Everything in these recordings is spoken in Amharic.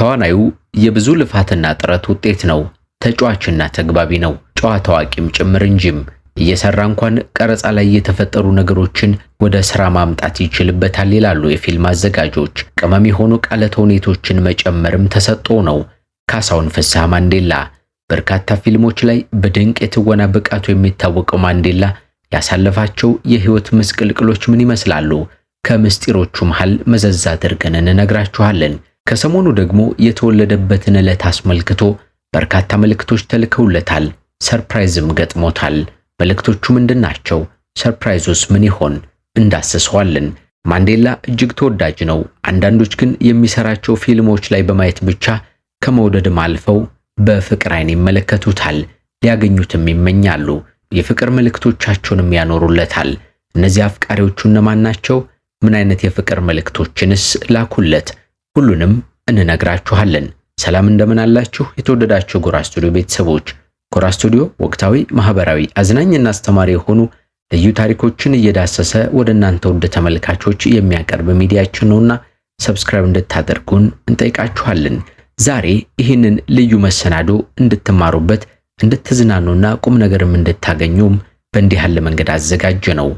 ተዋናዩ የብዙ ልፋትና ጥረት ውጤት ነው። ተጫዋችና ተግባቢ ነው። ጨዋታ አዋቂም ጭምር እንጂም እየሰራ እንኳን ቀረጻ ላይ የተፈጠሩ ነገሮችን ወደ ስራ ማምጣት ይችልበታል ይላሉ የፊልም አዘጋጆች። ቅመም የሆኑ ቃለ ተውኔቶችን መጨመርም ተሰጦ ነው። ካሳሁን ፍስሐ ማንዴላ በርካታ ፊልሞች ላይ በድንቅ የትወና ብቃቱ የሚታወቀው ማንዴላ ያሳለፋቸው የህይወት ምስቅልቅሎች ምን ይመስላሉ? ከምስጢሮቹ መሃል መዘዝ አድርገን እንነግራችኋለን። ከሰሞኑ ደግሞ የተወለደበትን ዕለት አስመልክቶ በርካታ መልእክቶች ተልከውለታል። ሰርፕራይዝም ገጥሞታል። መልእክቶቹ ምንድን ናቸው? ሰርፕራይዙስ ምን ይሆን? እንዳስሰዋለን። ማንዴላ እጅግ ተወዳጅ ነው። አንዳንዶች ግን የሚሰራቸው ፊልሞች ላይ በማየት ብቻ ከመውደድም አልፈው በፍቅር አይን ይመለከቱታል። ሊያገኙትም ይመኛሉ። የፍቅር መልእክቶቻቸውንም ያኖሩለታል። እነዚህ አፍቃሪዎቹ እነማን ናቸው? ምን አይነት የፍቅር መልእክቶችንስ ላኩለት? ሁሉንም እንነግራችኋለን። ሰላም እንደምን አላችሁ? የተወደዳችሁ ጎራ ስቱዲዮ ቤተሰቦች፣ ጎራ ስቱዲዮ ወቅታዊ፣ ማህበራዊ፣ አዝናኝና አስተማሪ የሆኑ ልዩ ታሪኮችን እየዳሰሰ ወደ እናንተ ውድ ተመልካቾች የሚያቀርብ ሚዲያችን ነውና ሰብስክራይብ እንድታደርጉን እንጠይቃችኋለን። ዛሬ ይህንን ልዩ መሰናዶ እንድትማሩበት እንድትዝናኑና ቁም ነገርም እንድታገኙም በእንዲህ ያለ መንገድ አዘጋጀ ነው።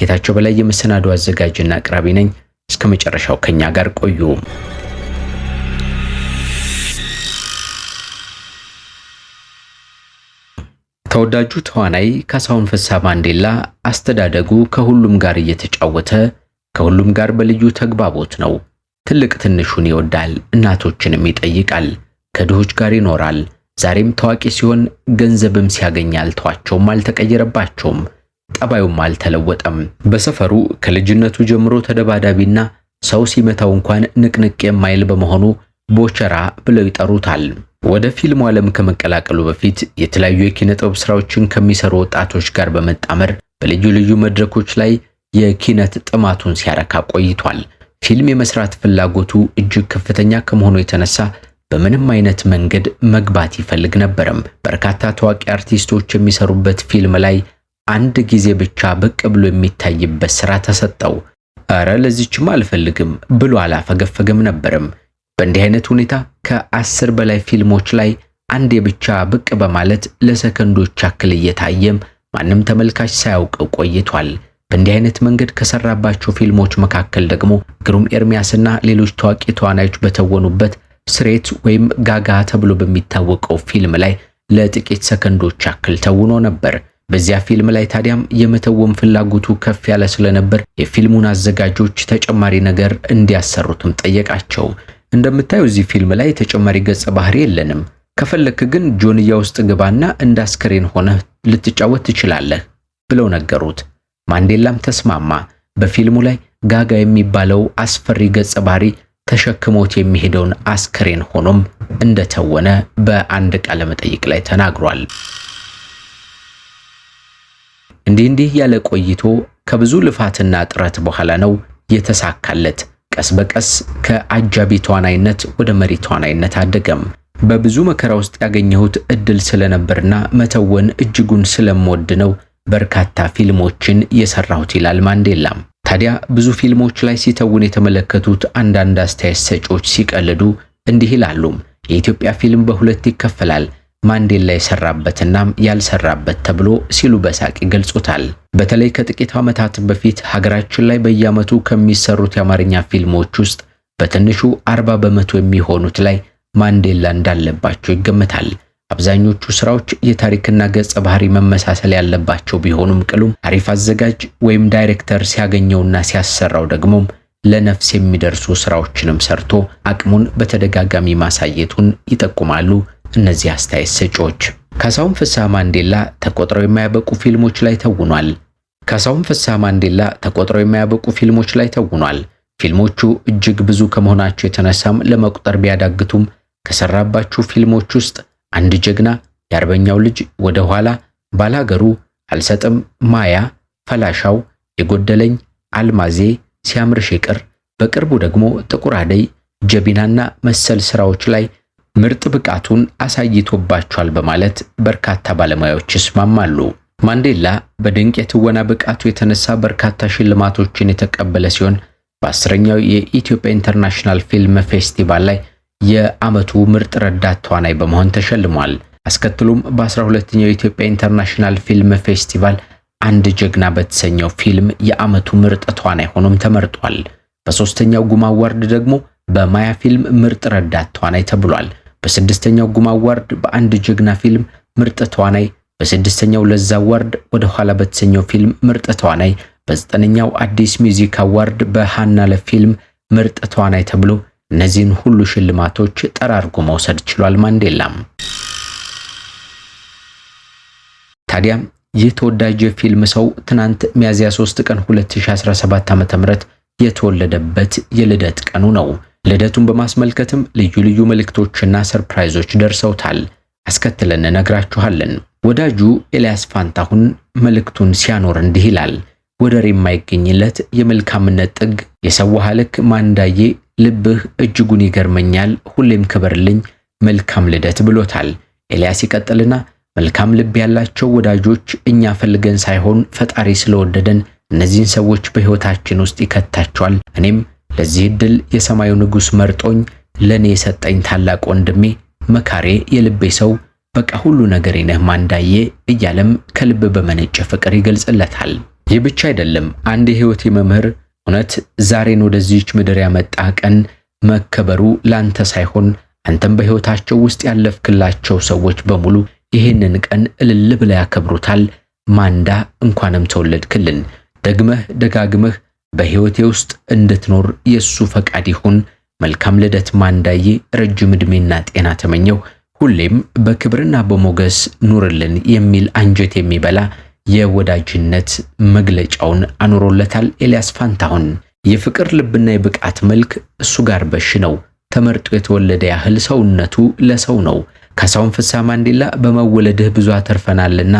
ጌታቸው በላይ የመሰናዶ አዘጋጅና አቅራቢ ነኝ። እስከ መጨረሻው ከኛ ጋር ቆዩ። ተወዳጁ ተዋናይ ካሳሁን ፍስሐ ማንዴላ አስተዳደጉ ከሁሉም ጋር እየተጫወተ ከሁሉም ጋር በልዩ ተግባቦት ነው። ትልቅ ትንሹን ይወዳል፣ እናቶችንም ይጠይቃል፣ ከድሆች ጋር ይኖራል። ዛሬም ታዋቂ ሲሆን ገንዘብም ሲያገኝ አልተዋቸውም፣ አልተቀየረባቸውም፣ ጠባዩም አልተለወጠም። በሰፈሩ ከልጅነቱ ጀምሮ ተደባዳቢና ሰው ሲመታው እንኳን ንቅንቅ የማይል በመሆኑ ቦቸራ ብለው ይጠሩታል። ወደ ፊልሙ ዓለም ከመቀላቀሉ በፊት የተለያዩ የኪነ ጥበብ ስራዎችን ከሚሰሩ ወጣቶች ጋር በመጣመር በልዩ ልዩ መድረኮች ላይ የኪነት ጥማቱን ሲያረካ ቆይቷል። ፊልም የመስራት ፍላጎቱ እጅግ ከፍተኛ ከመሆኑ የተነሳ በምንም አይነት መንገድ መግባት ይፈልግ ነበረም። በርካታ ታዋቂ አርቲስቶች የሚሰሩበት ፊልም ላይ አንድ ጊዜ ብቻ ብቅ ብሎ የሚታይበት ስራ ተሰጠው። እረ ለዚችም አልፈልግም ብሎ አላፈገፈገም ነበርም። በእንዲህ አይነት ሁኔታ ከአስር በላይ ፊልሞች ላይ አንዴ ብቻ ብቅ በማለት ለሰከንዶች ያክል እየታየም ማንም ተመልካች ሳያውቀው ቆይቷል። በእንዲህ አይነት መንገድ ከሰራባቸው ፊልሞች መካከል ደግሞ ግሩም ኤርሚያስና ሌሎች ታዋቂ ተዋናዮች በተወኑበት ስሬት ወይም ጋጋ ተብሎ በሚታወቀው ፊልም ላይ ለጥቂት ሰከንዶች ያክል ተውኖ ነበር። በዚያ ፊልም ላይ ታዲያም የመተወን ፍላጎቱ ከፍ ያለ ስለነበር የፊልሙን አዘጋጆች ተጨማሪ ነገር እንዲያሰሩትም ጠየቃቸው። እንደምታዩ እዚህ ፊልም ላይ ተጨማሪ ገጸ ባህሪ የለንም። ከፈለክ ግን ጆንያ ውስጥ ግባና እንደ አስክሬን ሆነህ ልትጫወት ትችላለህ ብለው ነገሩት። ማንዴላም ተስማማ። በፊልሙ ላይ ጋጋ የሚባለው አስፈሪ ገጸ ባህሪ ተሸክሞት የሚሄደውን አስክሬን ሆኖም እንደተወነ በአንድ ቃለ መጠይቅ ላይ ተናግሯል። እንዲህ እንዲህ ያለ ቆይቶ ከብዙ ልፋትና ጥረት በኋላ ነው የተሳካለት። ቀስ በቀስ ከአጃቢ ተዋናይነት ወደ መሪ ተዋናይነት አደገም። በብዙ መከራ ውስጥ ያገኘሁት እድል ስለነበርና መተወን እጅጉን ስለምወድ ነው በርካታ ፊልሞችን የሰራሁት ይላል ማንዴላ። ታዲያ ብዙ ፊልሞች ላይ ሲተውን የተመለከቱት አንዳንድ አስተያየት ሰጪዎች ሲቀልዱ እንዲህ ይላሉ። የኢትዮጵያ ፊልም በሁለት ይከፈላል። ማንዴላ የሰራበትና ያልሰራበት ተብሎ ሲሉ በሳቅ ይገልጹታል። በተለይ ከጥቂት ዓመታት በፊት ሀገራችን ላይ በየዓመቱ ከሚሰሩት የአማርኛ ፊልሞች ውስጥ በትንሹ አርባ በመቶ የሚሆኑት ላይ ማንዴላ እንዳለባቸው ይገመታል። አብዛኞቹ ስራዎች የታሪክና ገጸ ባህሪ መመሳሰል ያለባቸው ቢሆኑም ቅሉም አሪፍ አዘጋጅ ወይም ዳይሬክተር ሲያገኘውና ሲያሰራው ደግሞም ለነፍስ የሚደርሱ ስራዎችንም ሰርቶ አቅሙን በተደጋጋሚ ማሳየቱን ይጠቁማሉ። እነዚህ አስተያየት ሰጪዎች። ካሳሁን ፍስሐ ማንዴላ ተቆጥረው የማያበቁ ፊልሞች ላይ ተውኗል። ካሳሁን ፍስሐ ማንዴላ ተቆጥረው የማያበቁ ፊልሞች ላይ ተውኗል። ፊልሞቹ እጅግ ብዙ ከመሆናቸው የተነሳም ለመቁጠር ቢያዳግቱም ከሰራባቸው ፊልሞች ውስጥ አንድ ጀግና፣ የአርበኛው ልጅ፣ ወደ ኋላ፣ ባላገሩ፣ አልሰጥም፣ ማያ፣ ፈላሻው፣ የጎደለኝ፣ አልማዜ፣ ሲያምርሽ ይቅር፣ በቅርቡ ደግሞ ጥቁር አደይ፣ ጀቢናና መሰል ስራዎች ላይ ምርጥ ብቃቱን አሳይቶባቸዋል በማለት በርካታ ባለሙያዎች ይስማማሉ። ማንዴላ በድንቅ የትወና ብቃቱ የተነሳ በርካታ ሽልማቶችን የተቀበለ ሲሆን በአስረኛው የኢትዮጵያ ኢንተርናሽናል ፊልም ፌስቲቫል ላይ የዓመቱ ምርጥ ረዳት ተዋናይ በመሆን ተሸልሟል። አስከትሎም በ12ኛው የኢትዮጵያ ኢንተርናሽናል ፊልም ፌስቲቫል አንድ ጀግና በተሰኘው ፊልም የዓመቱ ምርጥ ተዋናይ ሆኖም ተመርጧል። በሶስተኛው ጉማ አዋርድ ደግሞ በማያ ፊልም ምርጥ ረዳት ተዋናይ ተብሏል። በስድስተኛው ጉማ አዋርድ በአንድ ጀግና ፊልም ምርጥ ተዋናይ፣ በስድስተኛው ለዛ አዋርድ ወደ ኋላ በተሰኘው ፊልም ምርጥ ተዋናይ፣ በዘጠነኛው አዲስ ሚውዚክ አዋርድ በሃና ለፊልም ምርጥ ተዋናይ ተብሎ እነዚህን ሁሉ ሽልማቶች ጠራርጎ መውሰድ ችሏል ማንዴላም። ታዲያ ይህ ተወዳጅ የፊልም ሰው ትናንት ሚያዝያ 3 ቀን 2017 ዓ.ም የተወለደበት የልደት ቀኑ ነው። ልደቱን በማስመልከትም ልዩ ልዩ መልእክቶችና ሰርፕራይዞች ደርሰውታል። አስከትለን ነግራችኋለን። ወዳጁ ኤልያስ ፋንታሁን መልእክቱን ሲያኖር እንዲህ ይላል። ወደር የማይገኝለት የመልካምነት ጥግ የሰዋህ ልክ ማንዳዬ ልብህ እጅጉን ይገርመኛል። ሁሌም ክብርልኝ መልካም ልደት ብሎታል። ኤልያስ ይቀጥልና መልካም ልብ ያላቸው ወዳጆች እኛ ፈልገን ሳይሆን ፈጣሪ ስለወደደን እነዚህን ሰዎች በሕይወታችን ውስጥ ይከታቸዋል። እኔም ለዚህ እድል የሰማዩ ንጉሥ መርጦኝ ለእኔ የሰጠኝ ታላቅ ወንድሜ፣ መካሬ፣ የልቤ ሰው፣ በቃ ሁሉ ነገሬ ነህ ማንዳዬ እያለም ከልብ በመነጨ ፍቅር ይገልጽለታል። ይህ ብቻ አይደለም። አንድ የሕይወቴ መምህር እውነት ዛሬን ወደዚች ምድር ያመጣ ቀን መከበሩ ላንተ ሳይሆን አንተም በህይወታቸው ውስጥ ያለፍክላቸው ሰዎች በሙሉ ይህንን ቀን እልል ብለ ያከብሩታል። ማንዳ እንኳንም ተወለድክልን ደግመህ ደጋግመህ በሕይወቴ ውስጥ እንድትኖር የእሱ ፈቃድ ይሁን። መልካም ልደት ማንዳዬ፣ ረጅም ዕድሜና ጤና ተመኘው። ሁሌም በክብርና በሞገስ ኑርልን የሚል አንጀት የሚበላ የወዳጅነት መግለጫውን አኑሮለታል። ኤልያስ ፋንታሁን የፍቅር ልብና የብቃት መልክ እሱ ጋር በሽ ነው። ተመርጦ የተወለደ ያህል ሰውነቱ ለሰው ነው። ካሳሁን ፍስሐ ማንዴላ በመወለድህ ብዙ አተርፈናልና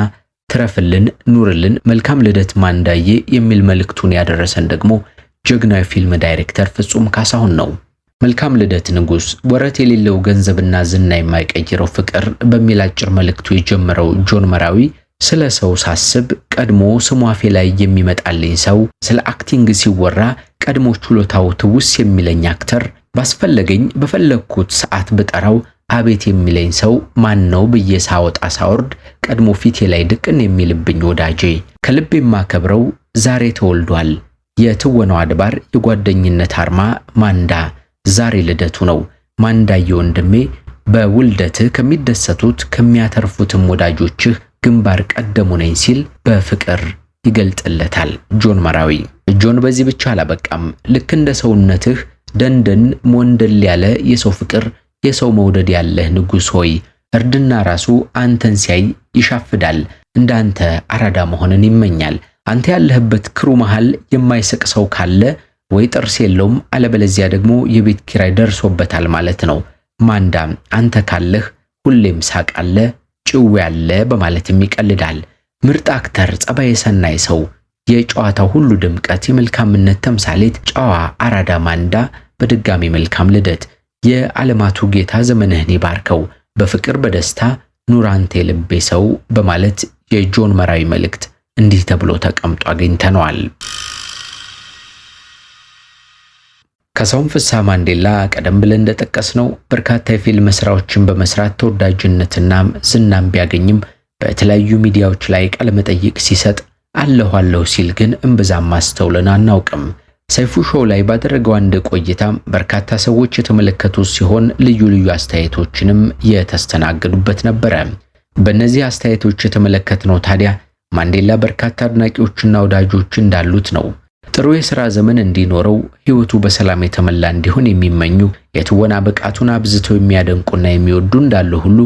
ትረፍልን፣ ኑርልን፣ መልካም ልደት ማንዳዬ የሚል መልእክቱን ያደረሰን ደግሞ ጀግና ፊልም ዳይሬክተር ፍጹም ካሳሁን ነው። መልካም ልደት ንጉስ፣ ወረት የሌለው ገንዘብና ዝና የማይቀይረው ፍቅር በሚል አጭር መልእክቱ የጀመረው ጆን መራዊ ስለ ሰው ሳስብ ቀድሞ ስሙ አፌ ላይ የሚመጣልኝ ሰው፣ ስለ አክቲንግ ሲወራ ቀድሞ ችሎታው ትውስ የሚለኝ አክተር፣ ባስፈለገኝ በፈለግኩት ሰዓት ብጠራው አቤት የሚለኝ ሰው ማን ነው ብዬ ሳወጣ ሳወርድ ቀድሞ ፊቴ ላይ ድቅን የሚልብኝ ወዳጄ ከልብ የማከብረው ዛሬ ተወልዷል። የትወነው አድባር የጓደኝነት አርማ ማንዳ ዛሬ ልደቱ ነው። ማንዳዬ ወንድሜ በውልደትህ ከሚደሰቱት ከሚያተርፉትም ወዳጆችህ ግንባር ቀደሙ ነኝ ሲል በፍቅር ይገልጥለታል ጆን መራዊ። ጆን በዚህ ብቻ አላበቃም። ልክ እንደ ሰውነትህ ደንደን ሞንደል ያለ የሰው ፍቅር የሰው መውደድ ያለህ ንጉሥ ሆይ እርድና ራሱ አንተን ሲያይ ይሻፍዳል፣ እንዳንተ አራዳ መሆንን ይመኛል። አንተ ያለህበት ክሩ መሃል የማይስቅ ሰው ካለ ወይ ጥርስ የለውም አለበለዚያ ደግሞ የቤት ኪራይ ደርሶበታል ማለት ነው። ማንዳም አንተ ካለህ ሁሌም ሳቅ አለ፣ ጭው ያለ በማለትም ይቀልዳል። ምርጥ አክተር፣ ጸባይ ሰናይ ሰው፣ የጨዋታው ሁሉ ድምቀት፣ የመልካምነት ተምሳሌት፣ ጨዋ አራዳ ማንዳ። በድጋሚ መልካም ልደት። የዓለማቱ ጌታ ዘመንህን ይባርከው፣ በፍቅር በደስታ ኑር አንተ የልቤ ሰው በማለት የጆን መራዊ መልእክት እንዲህ ተብሎ ተቀምጦ አግኝተነዋል። ከሰውም ፍስሐ ማንዴላ ቀደም ብለን እንደጠቀስነው በርካታ የፊልም ስራዎችን በመስራት ተወዳጅነትና ዝናም ቢያገኝም በተለያዩ ሚዲያዎች ላይ ቃለ መጠይቅ ሲሰጥ አለሁ አለሁ ሲል ግን እምብዛም ማስተውለን አናውቅም። ሰይፉ ሾው ላይ ባደረገው አንድ ቆይታ በርካታ ሰዎች የተመለከቱ ሲሆን ልዩ ልዩ አስተያየቶችንም የተስተናገዱበት ነበረ። በእነዚህ አስተያየቶች የተመለከትነው ታዲያ ማንዴላ በርካታ አድናቂዎችና ወዳጆች እንዳሉት ነው። ጥሩ የሥራ ዘመን እንዲኖረው ሕይወቱ በሰላም የተመላ እንዲሆን የሚመኙ የትወና ብቃቱን አብዝተው የሚያደንቁና የሚወዱ እንዳሉ ሁሉ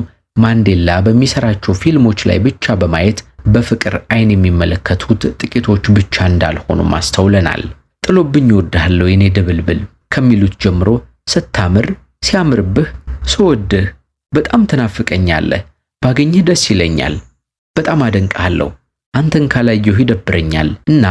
ማንዴላ በሚሰራቸው ፊልሞች ላይ ብቻ በማየት በፍቅር ዓይን የሚመለከቱት ጥቂቶች ብቻ እንዳልሆኑም አስተውለናል። ጥሎብኝ ወዳለው የኔ ድብልብል ከሚሉት ጀምሮ ስታምር፣ ሲያምርብህ፣ ስወድህ፣ በጣም ትናፍቀኛለህ፣ ባገኘህ ደስ ይለኛል፣ በጣም አደንቅሃለሁ፣ አንተን ካላየሁ ይደብረኛል እና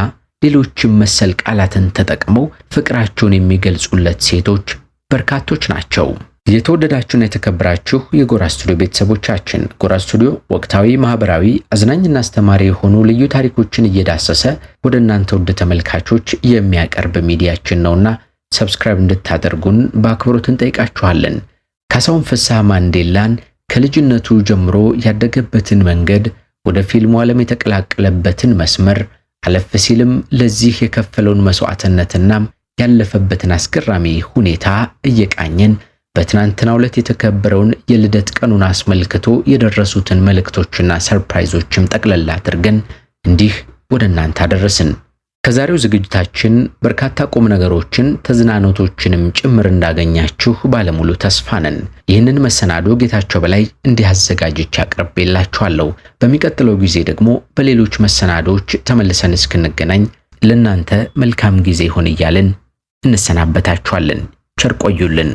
ሌሎችም መሰል ቃላትን ተጠቅመው ፍቅራቸውን የሚገልጹለት ሴቶች በርካቶች ናቸው። የተወደዳችሁና የተከበራችሁ የጎራ ስቱዲዮ ቤተሰቦቻችን ጎራ ስቱዲዮ ወቅታዊ፣ ማህበራዊ፣ አዝናኝና አስተማሪ የሆኑ ልዩ ታሪኮችን እየዳሰሰ ወደ እናንተ ውድ ተመልካቾች የሚያቀርብ ሚዲያችን ነውና ሰብስክራይብ እንድታደርጉን በአክብሮት እንጠይቃችኋለን። ካሳሁን ፍስሐ ማንዴላን ከልጅነቱ ጀምሮ ያደገበትን መንገድ ወደ ፊልሙ ዓለም የተቀላቀለበትን መስመር አለፍ ሲልም ለዚህ የከፈለውን መስዋዕትነትና ያለፈበትን አስገራሚ ሁኔታ እየቃኘን በትናንትናው ዕለት የተከበረውን የልደት ቀኑን አስመልክቶ የደረሱትን መልእክቶችና ሰርፕራይዞችም ጠቅለላ አድርገን እንዲህ ወደ እናንተ አደረስን። ከዛሬው ዝግጅታችን በርካታ ቁም ነገሮችን ተዝናኖቶችንም ጭምር እንዳገኛችሁ ባለሙሉ ተስፋ ነን። ይህንን መሰናዶ ጌታቸው በላይ እንዲህ አዘጋጅቼ አቅርቤላችኋለሁ። በሚቀጥለው ጊዜ ደግሞ በሌሎች መሰናዶዎች ተመልሰን እስክንገናኝ ለእናንተ መልካም ጊዜ ይሆን እያልን እንሰናበታችኋለን። ቸር ቆዩልን።